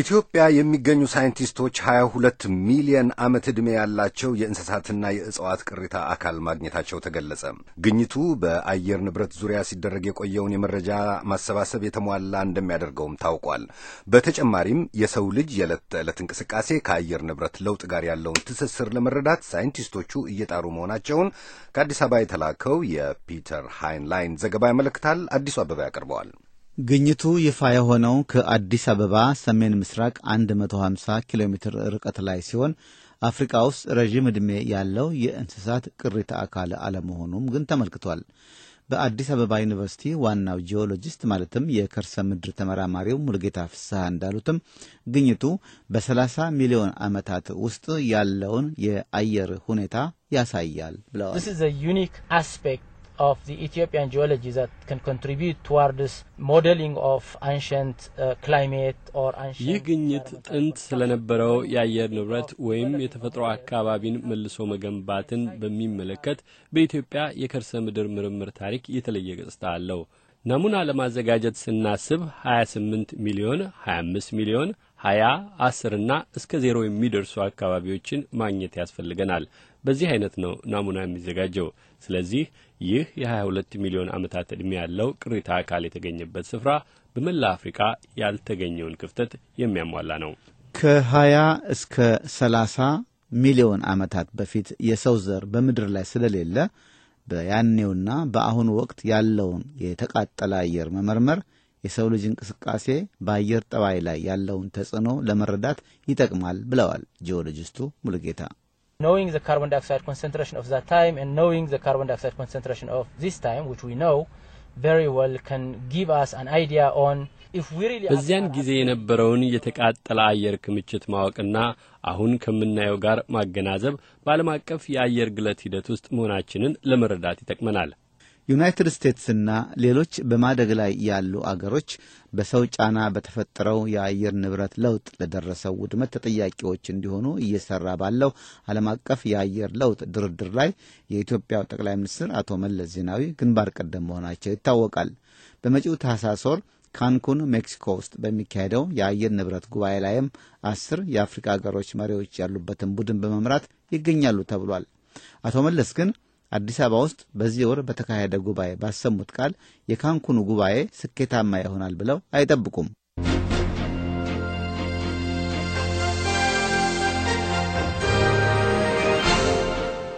ኢትዮጵያ የሚገኙ ሳይንቲስቶች 22 ሚሊየን ዓመት ዕድሜ ያላቸው የእንስሳትና የእጽዋት ቅሪታ አካል ማግኘታቸው ተገለጸ። ግኝቱ በአየር ንብረት ዙሪያ ሲደረግ የቆየውን የመረጃ ማሰባሰብ የተሟላ እንደሚያደርገውም ታውቋል። በተጨማሪም የሰው ልጅ የዕለት ተዕለት እንቅስቃሴ ከአየር ንብረት ለውጥ ጋር ያለውን ትስስር ለመረዳት ሳይንቲስቶቹ እየጣሩ መሆናቸውን ከአዲስ አበባ የተላከው የፒተር ሃይንላይን ዘገባ ያመለክታል። አዲሱ አበባ ያቀርበዋል። ግኝቱ ይፋ የሆነው ከአዲስ አበባ ሰሜን ምስራቅ 150 ኪሎ ሜትር ርቀት ላይ ሲሆን አፍሪካ ውስጥ ረዥም ዕድሜ ያለው የእንስሳት ቅሪተ አካል አለመሆኑም ግን ተመልክቷል። በአዲስ አበባ ዩኒቨርሲቲ ዋናው ጂኦሎጂስት ማለትም የከርሰ ምድር ተመራማሪው ሙልጌታ ፍስሐ እንዳሉትም ግኝቱ በ30 ሚሊዮን ዓመታት ውስጥ ያለውን የአየር ሁኔታ ያሳያል ብለዋል። of the Ethiopian geology that can contribute towards modeling of ancient uh, climate or ancient ይህ ግኝት ጥንት ስለነበረው የአየር ንብረት ወይም የተፈጥሮ አካባቢን መልሶ መገንባትን በሚመለከት በኢትዮጵያ የከርሰ ምድር ምርምር ታሪክ የተለየ ገጽታ አለው። ናሙና ለማዘጋጀት ስናስብ 28 ሚሊዮን፣ 25 ሚሊዮን ሀያ አስርና እስከ ዜሮ የሚደርሱ አካባቢዎችን ማግኘት ያስፈልገናል። በዚህ አይነት ነው ናሙና የሚዘጋጀው። ስለዚህ ይህ የ22 ሚሊዮን ዓመታት ዕድሜ ያለው ቅሪታ አካል የተገኘበት ስፍራ በመላ አፍሪካ ያልተገኘውን ክፍተት የሚያሟላ ነው። ከ20 እስከ 30 ሚሊዮን ዓመታት በፊት የሰው ዘር በምድር ላይ ስለሌለ በያኔውና በአሁኑ ወቅት ያለውን የተቃጠለ አየር መመርመር የሰው ልጅ እንቅስቃሴ በአየር ጠባይ ላይ ያለውን ተጽዕኖ ለመረዳት ይጠቅማል ብለዋል ጂኦሎጂስቱ ሙሉጌታ። knowing the carbon dioxide concentration of that time and knowing the carbon dioxide concentration of this time which we know very well can give us an idea on በዚያን ጊዜ የነበረውን የተቃጠለ አየር ክምችት ማወቅና አሁን ከምናየው ጋር ማገናዘብ በዓለም አቀፍ የአየር ግለት ሂደት ውስጥ መሆናችንን ለመረዳት ይጠቅመናል። ዩናይትድ ስቴትስና ሌሎች በማደግ ላይ ያሉ አገሮች በሰው ጫና በተፈጠረው የአየር ንብረት ለውጥ ለደረሰው ውድመት ተጠያቂዎች እንዲሆኑ እየሰራ ባለው ዓለም አቀፍ የአየር ለውጥ ድርድር ላይ የኢትዮጵያው ጠቅላይ ሚኒስትር አቶ መለስ ዜናዊ ግንባር ቀደም መሆናቸው ይታወቃል። በመጪው ታህሳስ ወር ካንኩን ሜክሲኮ ውስጥ በሚካሄደው የአየር ንብረት ጉባኤ ላይም አስር የአፍሪካ አገሮች መሪዎች ያሉበትን ቡድን በመምራት ይገኛሉ ተብሏል። አቶ መለስ ግን አዲስ አበባ ውስጥ በዚህ ወር በተካሄደ ጉባኤ ባሰሙት ቃል የካንኩኑ ጉባኤ ስኬታማ ይሆናል ብለው አይጠብቁም።